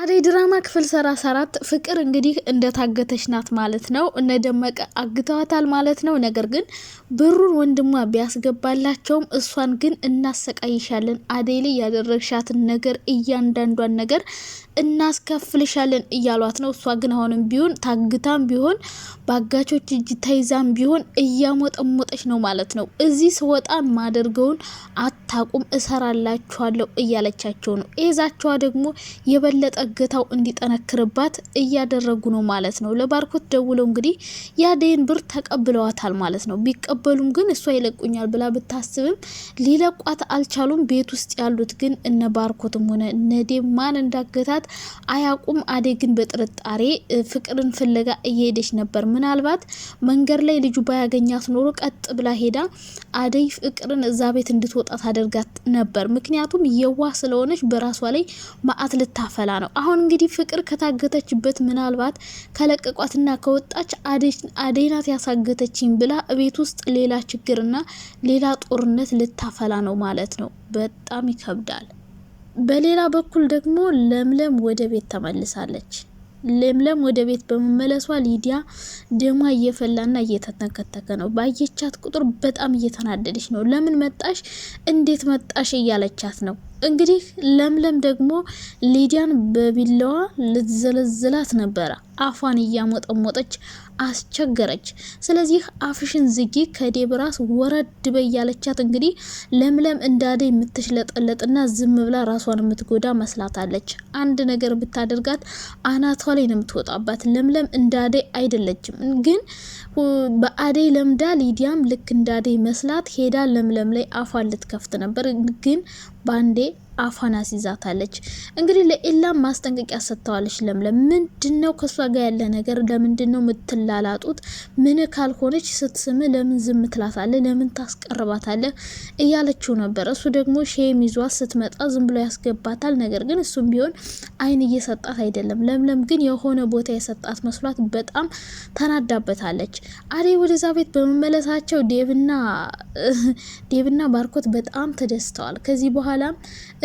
አደይ ድራማ ክፍል ሰላሳ አራት ፍቅር እንግዲህ እንደታገተች ናት ማለት ነው። እነ ደመቀ አግተዋታል ማለት ነው። ነገር ግን ብሩን ወንድሟ ቢያስገባላቸውም እሷን ግን እናሰቃይሻለን፣ አደይ ላይ ያደረግሻትን ነገር እያንዳንዷን ነገር እናስከፍልሻለን እያሏት ነው። እሷ ግን አሁንም ቢሆን ታግታም ቢሆን በአጋቾች እጅ ተይዛም ቢሆን እያሞጠሞጠች ነው ማለት ነው። እዚህ ስወጣ ማደርገውን አታቁም፣ እሰራላችኋለሁ እያለቻቸው ነው። ኤዛቸዋ ደግሞ የበለጠ እገታው እንዲጠነክርባት እያደረጉ ነው ማለት ነው። ለባርኮት ደውለው እንግዲህ የአደይን ብር ተቀብለዋታል ማለት ነው። ቢቀበሉም ግን እሷ ይለቁኛል ብላ ብታስብም ሊለቋት አልቻሉም። ቤት ውስጥ ያሉት ግን እነ ባርኮትም ሆነ ነዴ ማን እንዳገታት አያውቁም። አዴ ግን በጥርጣሬ ፍቅርን ፍለጋ እየሄደች ነበር። ምናልባት መንገድ ላይ ልጁ ባያገኛት ኖሮ ቀጥ ብላ ሄዳ አደይ ፍቅርን እዛ ቤት እንድትወጣ ታደርጋት ነበር። ምክንያቱም የዋ ስለሆነች በራሷ ላይ ማአት ልታፈላ ነው። አሁን እንግዲህ ፍቅር ከታገተችበት ምናልባት ከለቀቋትና ከወጣች አዴናት ያሳገተችኝ ብላ ቤት ውስጥ ሌላ ችግርና ሌላ ጦርነት ልታፈላ ነው ማለት ነው። በጣም ይከብዳል። በሌላ በኩል ደግሞ ለምለም ወደ ቤት ተመልሳለች። ለምለም ወደ ቤት በመመለሷ ሊዲያ ደሟ እየፈላና እየተተከተከ ነው። ባየቻት ቁጥር በጣም እየተናደደች ነው። ለምን መጣሽ? እንዴት መጣሽ? እያለቻት ነው እንግዲህ ለምለም ደግሞ ሊዲያን በቢላዋ ልትዘለዝላት ነበረ። አፏን እያሞጠሞጠች አስቸገረች። ስለዚህ አፍሽን ዝጊ፣ ከዴብ ራስ ወረድ በይ ያለቻት እንግዲህ ለምለም እንዳደ የምትሽለጠለጥና ዝም ብላ ራሷን የምትጎዳ መስላታለች። አንድ ነገር ብታደርጋት አናቷ ላይ ነው የምትወጣባት። ለምለም እንዳደይ አይደለችም፣ ግን በአደይ ለምዳ ሊዲያም ልክ እንዳደይ መስላት ሄዳ ለምለም ላይ አፏን ልትከፍት ነበር ግን ባንዴ አፏን አስይዛታለች። እንግዲህ ለኤላም ማስጠንቀቂያ ሰጥተዋለች። ለምለም ምንድን ነው ከእሷ ጋር ያለ ነገር? ለምንድን ነው የምትላላጡት? ምን ካልሆነች ስትስም ለምን ዝም ትላታለ? ለምን ታስቀርባታለ? እያለችው ነበር። እሱ ደግሞ ሼም ይዟት ስትመጣ ዝም ብሎ ያስገባታል። ነገር ግን እሱም ቢሆን አይን እየሰጣት አይደለም። ለምለም ግን የሆነ ቦታ የሰጣት መስሏት በጣም ተናዳበታለች። አዴ ወደዛ ቤት በመመለሳቸው ዴብና ዴብና ባርኮት በጣም ተደስተዋል። ከዚህ በኋላም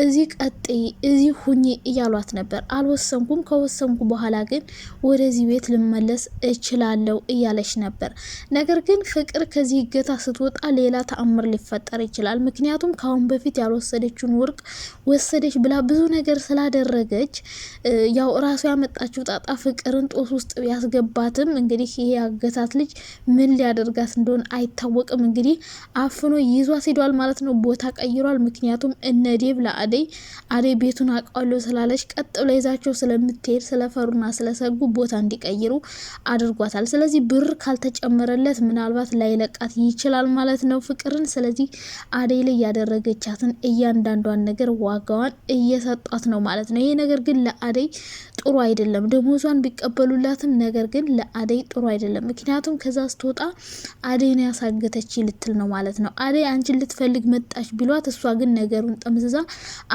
እዚህ ቀጥይ፣ እዚህ ሁኚ እያሏት ነበር። አልወሰንኩም፣ ከወሰንኩ በኋላ ግን ወደዚህ ቤት ልመለስ እችላለሁ እያለች ነበር። ነገር ግን ፍቅር ከዚህ እገታ ስትወጣ ሌላ ተአምር ሊፈጠር ይችላል። ምክንያቱም ከአሁን በፊት ያልወሰደችውን ወርቅ ወሰደች ብላ ብዙ ነገር ስላደረገች ያው እራሱ ያመጣችው ጣጣ ፍቅርን ጦስ ውስጥ ቢያስገባትም እንግዲህ ይሄ ያገታት ልጅ ምን ሊያደርጋት እንደሆነ አይታወቅም። እንግዲህ አፍኖ ይዟት ሄዷል ማለት ነው። ቦታ ቀይሯል። ምክንያቱም እነዴብ ለአ አደይ አደይ ቤቱን አውቃለሁ ስላለች ቀጥ ብላ ይዛቸው ስለምትሄድ ስለፈሩና ስለሰጉ ቦታ እንዲቀይሩ አድርጓታል። ስለዚህ ብር ካልተጨመረለት ምናልባት ላይለቃት ይችላል ማለት ነው ፍቅርን። ስለዚህ አደይ ላይ ያደረገቻትን እያንዳንዷን ነገር ዋጋዋን እየሰጧት ነው ማለት ነው። ይሄ ነገር ግን ለአደይ ጥሩ አይደለም። ደሞዟን ቢቀበሉላትም ነገር ግን ለአደይ ጥሩ አይደለም። ምክንያቱም ከዛ ስትወጣ አደይን ያሳገተች ልትል ነው ማለት ነው። አደይ አንቺን ልትፈልግ መጣች ቢሏት፣ እሷ ግን ነገሩን ጠምዝዛ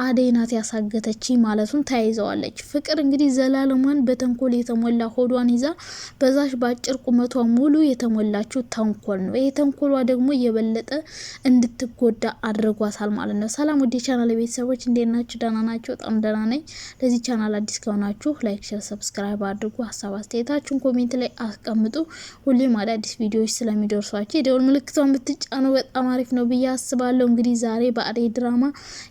አደይ ናት ያሳገተች ማለቱን ተያይዘዋለች። ፍቅር እንግዲህ ዘላለሟን በተንኮል የተሞላ ሆዷን ይዛ በዛሽ በአጭር ቁመቷ ሙሉ የተሞላችው ተንኮል ነው። ይሄ ተንኮሏ ደግሞ የበለጠ እንድትጎዳ አድርጓታል ማለት ነው። ሰላም ውድ ቻናል ቤተሰቦች እንዴት ናችሁ? ደህና ናቸው። በጣም ደህና ነኝ። ለዚህ ቻናል አዲስ ከሆናችሁ ላይክ፣ ሸር፣ ሰብስክራይብ አድርጉ። ሀሳብ አስተያየታችሁን ኮሜንት ላይ አስቀምጡ። ሁሌም አዳዲስ ቪዲዮዎች ስለሚደርሷቸው የደውል ምልክቷን ብትጫኑ በጣም አሪፍ ነው ብዬ አስባለሁ። እንግዲህ ዛሬ በአደይ ድራማ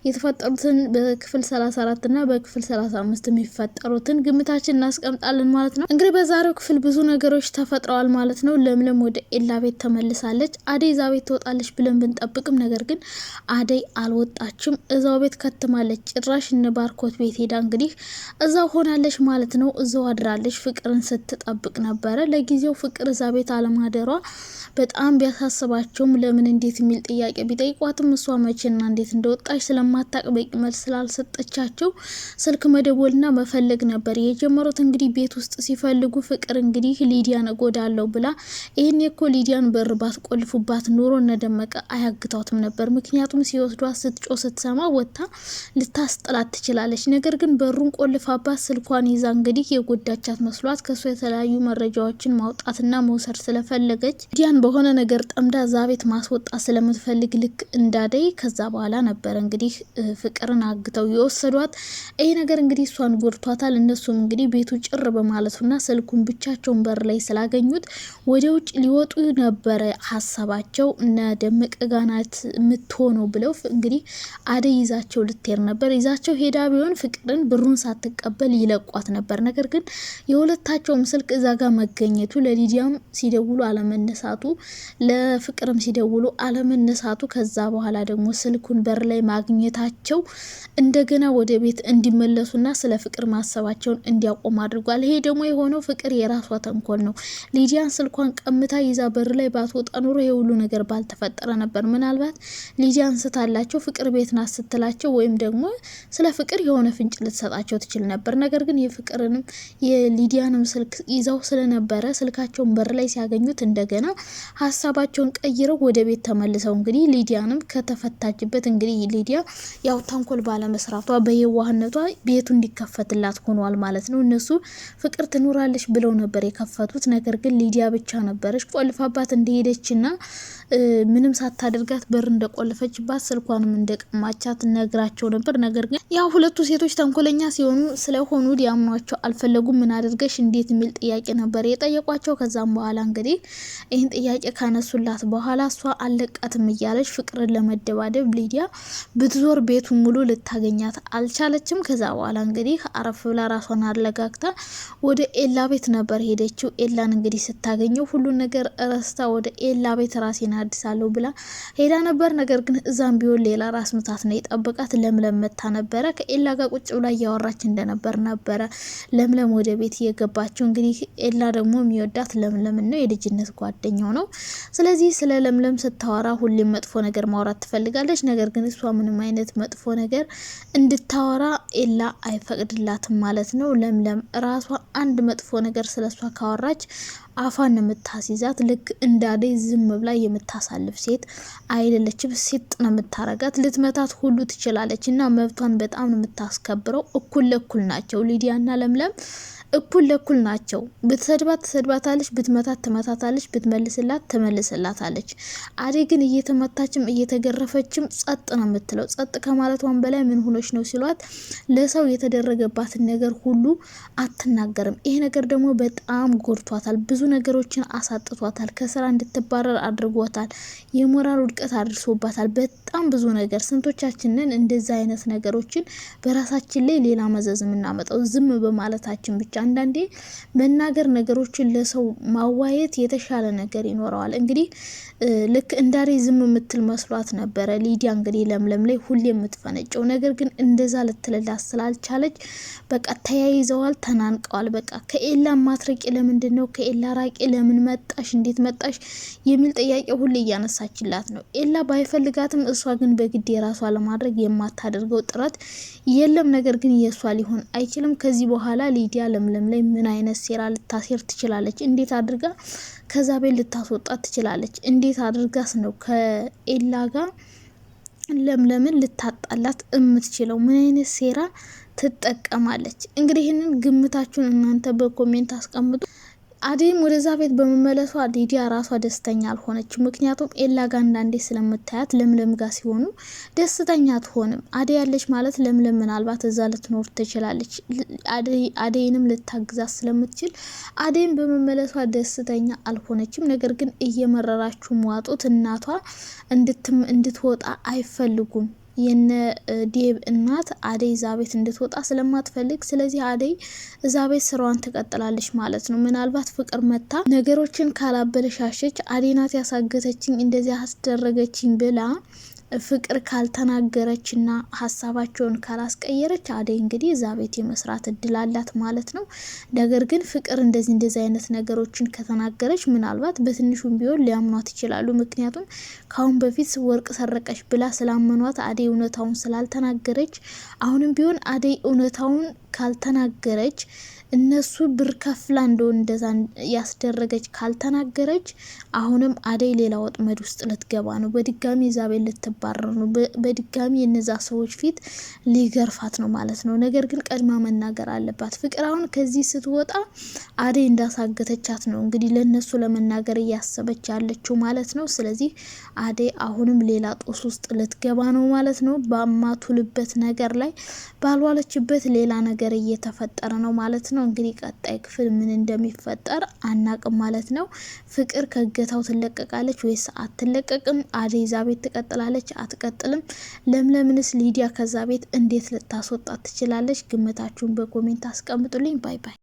የተፈጠሩትን በክፍል 34 እና በክፍል 35 የሚፈጠሩትን ግምታችን እናስቀምጣለን ማለት ነው። እንግዲህ በዛሬው ክፍል ብዙ ነገሮች ተፈጥረዋል ማለት ነው። ለምለም ወደ ኤላ ቤት ተመልሳለች። አደይ እዛ ቤት ትወጣለች ብለን ብንጠብቅም ነገር ግን አደይ አልወጣችም፣ እዛው ቤት ከትማለች። ጭራሽ እነ ባርኮት ቤት ሄዳ እንግዲህ እዛው ሆናለች ማለት ነው እዛው አድራለች። ፍቅርን ስትጠብቅ ነበረ። ለጊዜው ፍቅር እዛ ቤት አለማደሯ በጣም ቢያሳስባቸውም ለምን እንዴት የሚል ጥያቄ ቢጠይቋትም እሷ መቼና እንዴት እንደወጣች ስለማታቅ በቂ መልስ ስላልሰጠቻቸው ስልክ መደወልና መፈለግ ነበር የጀመሩት። እንግዲህ ቤት ውስጥ ሲፈልጉ ፍቅር እንግዲህ ሊዲያን እጎዳለሁ ብላ ይህን የኮ ሊዲያን በር ባትቆልፉባት ኑሮ እነደመቀ አያግታትም ነበር። ምክንያቱም ሲወስዷት ስትጮ ስትሰማ ወጥታ ልታስጠላት ትችላለች። ነገር ግን በሩን ቆልፋባት ስልኳ ልጇን ይዛ እንግዲህ የጎዳቻት መስሏት ከእሷ የተለያዩ መረጃዎችን ማውጣትና መውሰድ ስለፈለገች ዲያን በሆነ ነገር ጠምዳ እዛ ቤት ማስወጣት ስለምትፈልግ ልክ እንዳደይ ከዛ በኋላ ነበረ እንግዲህ ፍቅርን አግተው የወሰዷት። ይህ ነገር እንግዲህ እሷን ጎድቷታል። እነሱም እንግዲህ ቤቱ ጭር በማለቱና ስልኩን ብቻቸውን በር ላይ ስላገኙት ወደ ውጭ ሊወጡ ነበረ ሀሳባቸው። እነ ደመቀ ጋናት የምትሆነው ብለው እንግዲህ አደይ ይዛቸው ልትሄድ ነበር። ይዛቸው ሄዳ ቢሆን ፍቅርን ብሩን ሳትቀበል ይለቁ አስጨንቋት ነበር። ነገር ግን የሁለታቸውም ስልክ እዛ ጋር መገኘቱ ለሊዲያም ሲደውሉ አለመነሳቱ፣ ለፍቅርም ሲደውሉ አለመነሳቱ፣ ከዛ በኋላ ደግሞ ስልኩን በር ላይ ማግኘታቸው እንደገና ወደ ቤት እንዲመለሱና ስለ ፍቅር ማሰባቸውን እንዲያቆም አድርጓል። ይሄ ደግሞ የሆነው ፍቅር የራሷ ተንኮል ነው። ሊዲያን ስልኳን ቀምታ ይዛ በር ላይ ባትወጣ ኑሮ የሁሉ ነገር ባልተፈጠረ ነበር። ምናልባት ሊዲያ እንስታላቸው ፍቅር ቤት ናት ስትላቸው ወይም ደግሞ ስለ ፍቅር የሆነ ፍንጭ ልትሰጣቸው ትችል ነበር። ነገር ግን የፍቅርንም የሊዲያንም ስልክ ይዘው ስለነበረ ስልካቸውን በር ላይ ሲያገኙት እንደገና ሀሳባቸውን ቀይረው ወደ ቤት ተመልሰው እንግዲህ ሊዲያንም ከተፈታችበት እንግዲህ ሊዲያ ያው ተንኮል ባለመስራቷ በየዋህነቷ ቤቱ እንዲከፈትላት ሆኗል ማለት ነው። እነሱ ፍቅር ትኖራለች ብለው ነበር የከፈቱት። ነገር ግን ሊዲያ ብቻ ነበረች ቆልፋባት እንደሄደችና ምንም ሳታደርጋት በር እንደቆለፈችባት ስልኳንም እንደቀማቻት ነግራቸው ነበር። ነገር ግን ያው ሁለቱ ሴቶች ተንኮለኛ ሲሆኑ ስለሆኑ ሊያምኗቸው አልፈለጉም። ምን አድርገሽ እንዴት የሚል ጥያቄ ነበር የጠየቋቸው። ከዛም በኋላ እንግዲህ ይህን ጥያቄ ካነሱላት በኋላ እሷ አለቃትም እያለች ፍቅርን ለመደባደብ ሊዲያ ብትዞር ቤቱ ሙሉ ልታገኛት አልቻለችም። ከዛ በኋላ እንግዲህ አረፍ ብላ ራሷን አረጋግታ ወደ ኤላ ቤት ነበር ሄደችው። ኤላን እንግዲህ ስታገኘው ሁሉን ነገር ረስታ ወደ ኤላ ቤት ራሴና አድሳለሁ ብላ ሄዳ ነበር። ነገር ግን እዛም ቢሆን ሌላ ራስ ምታት ነው የጠበቃት። ለምለም መታ ነበረ ከኤላ ጋር ቁጭ ብላ እያወራች እንደነበር ነበረ ለምለም ወደ ቤት እየገባችው። እንግዲህ ኤላ ደግሞ የሚወዳት ለምለም ነው፣ የልጅነት ጓደኛው ነው። ስለዚህ ስለ ለምለም ስታወራ ሁሌም መጥፎ ነገር ማውራት ትፈልጋለች። ነገር ግን እሷ ምንም አይነት መጥፎ ነገር እንድታወራ ኤላ አይፈቅድላትም ማለት ነው። ለምለም ራሷ አንድ መጥፎ ነገር ስለሷ ካወራች አፋን የምታስይዛት ልክ እንዳደይ ዝም ብላ የምታ የምታሳልፍ ሴት አይደለችም። ሲጥ ነው የምታረጋት። ልትመታት ሁሉ ትችላለች እና መብቷን በጣም ነው የምታስከብረው። እኩል ለእኩል ናቸው ሊዲያና ለምለም እኩል ለኩል ናቸው። ብትሰድባት ትሰድባታለች፣ ብትመታት ትመታታለች፣ ብትመልስላት ትመልስላታለች። አዴ ግን እየተመታችም እየተገረፈችም ጸጥ ነው የምትለው። ጸጥ ከማለቷን በላይ ምን ሆኖች ነው ሲሏት ለሰው የተደረገባትን ነገር ሁሉ አትናገርም። ይሄ ነገር ደግሞ በጣም ጎድቷታል። ብዙ ነገሮችን አሳጥቷታል። ከስራ እንድትባረር አድርጓታል። የሞራል ውድቀት አድርሶባታል። በጣም ብዙ ነገር ስንቶቻችንን እንደዚ አይነት ነገሮችን በራሳችን ላይ ሌላ መዘዝ የምናመጣው ዝም በማለታችን ብቻ አንዳንዴ መናገር ነገሮችን ለሰው ማዋየት የተሻለ ነገር ይኖረዋል። እንግዲህ ልክ እንዳሬ ዝም የምትል መስሏት ነበረ ሊዲያ እንግዲህ ለምለም ላይ ሁሌ የምትፈነጨው ነገር ግን እንደዛ ልትልላት ስላልቻለች በቃ ተያይዘዋል፣ ተናንቀዋል። በቃ ከኤላ ማትረቂ ለምንድን ነው ከኤላ ራቂ፣ ለምን መጣሽ፣ እንዴት መጣሽ የሚል ጥያቄ ሁሌ እያነሳችላት ነው። ኤላ ባይፈልጋትም እሷ ግን በግድ የራሷ ለማድረግ የማታደርገው ጥረት የለም። ነገር ግን የእሷ ሊሆን አይችልም። ከዚህ በኋላ ሊዲያ ለምለም ለምለም ላይ ምን አይነት ሴራ ልታሴር ትችላለች? እንዴት አድርጋ ከዛ ቤት ልታስወጣት ትችላለች? እንዴት አድርጋስ ነው ከኤላ ጋር ለምለምን ልታጣላት የምትችለው? ምን አይነት ሴራ ትጠቀማለች? እንግዲህ ይህንን ግምታችሁን እናንተ በኮሜንት አስቀምጡ። አዴም ወደዛ ቤት በመመለሷ ሊዲያ ራሷ ደስተኛ አልሆነች። ምክንያቱም ኤላ ጋ አንዳንዴ ስለምታያት ለምለም ጋር ሲሆኑ ደስተኛ አትሆንም። አዴ ያለች ማለት ለምለም ምናልባት እዛ ልትኖር ትችላለች። አዴይንም ልታግዛት ስለምትችል አዴም በመመለሷ ደስተኛ አልሆነችም። ነገር ግን እየመረራችሁ መዋጡት እናቷ እንድትወጣ አይፈልጉም። የነ ዴብ እናት አደይ እዛ ቤት እንድትወጣ ስለማትፈልግ፣ ስለዚህ አደይ እዛ ቤት ስራዋን ትቀጥላለች ማለት ነው። ምናልባት ፍቅር መታ ነገሮችን ካላበለሻሸች አደይ ናት ያሳገተችኝ እንደዚህ አስደረገችኝ ብላ ፍቅር ካልተናገረች እና ሀሳባቸውን ካላስቀየረች አደይ እንግዲህ እዛ ቤት የመስራት እድል አላት ማለት ነው። ነገር ግን ፍቅር እንደዚህ እንደዚህ አይነት ነገሮችን ከተናገረች ምናልባት በትንሹም ቢሆን ሊያምኗት ይችላሉ። ምክንያቱም ካሁን በፊት ወርቅ ሰረቀች ብላ ስላመኗት አደይ እውነታውን ስላልተናገረች አሁንም ቢሆን አደይ እውነታውን ካልተናገረች እነሱ ብር ከፍላ እንደው እንደዛ ያስደረገች ካልተናገረች አሁንም አደይ ሌላ ወጥመድ ውስጥ ልትገባ ነው። በድጋሚ ዛቤል ልትባረር ነው። በድጋሚ የነዛ ሰዎች ፊት ሊገርፋት ነው ማለት ነው። ነገር ግን ቀድማ መናገር አለባት። ፍቅር አሁን ከዚህ ስትወጣ አደይ እንዳሳገተቻት ነው እንግዲህ ለእነሱ ለመናገር እያሰበች ያለችው ማለት ነው። ስለዚህ አደይ አሁንም ሌላ ጦስ ውስጥ ልትገባ ነው ማለት ነው። በማቱልበት ነገር ላይ ባልዋለችበት ሌላ ነገር እየተፈጠረ ነው ማለት ነው። ነው። እንግዲህ ቀጣይ ክፍል ምን እንደሚፈጠር አናቅም ማለት ነው። ፍቅር ከእገታው ትለቀቃለች ወይስ አትለቀቅም? አደይ ዛ ቤት ትቀጥላለች አትቀጥልም? ለምለምንስ ሊዲያ ከዛ ቤት እንዴት ልታስወጣት ትችላለች? ግምታችሁን በኮሜንት አስቀምጡልኝ። ባይ ባይ።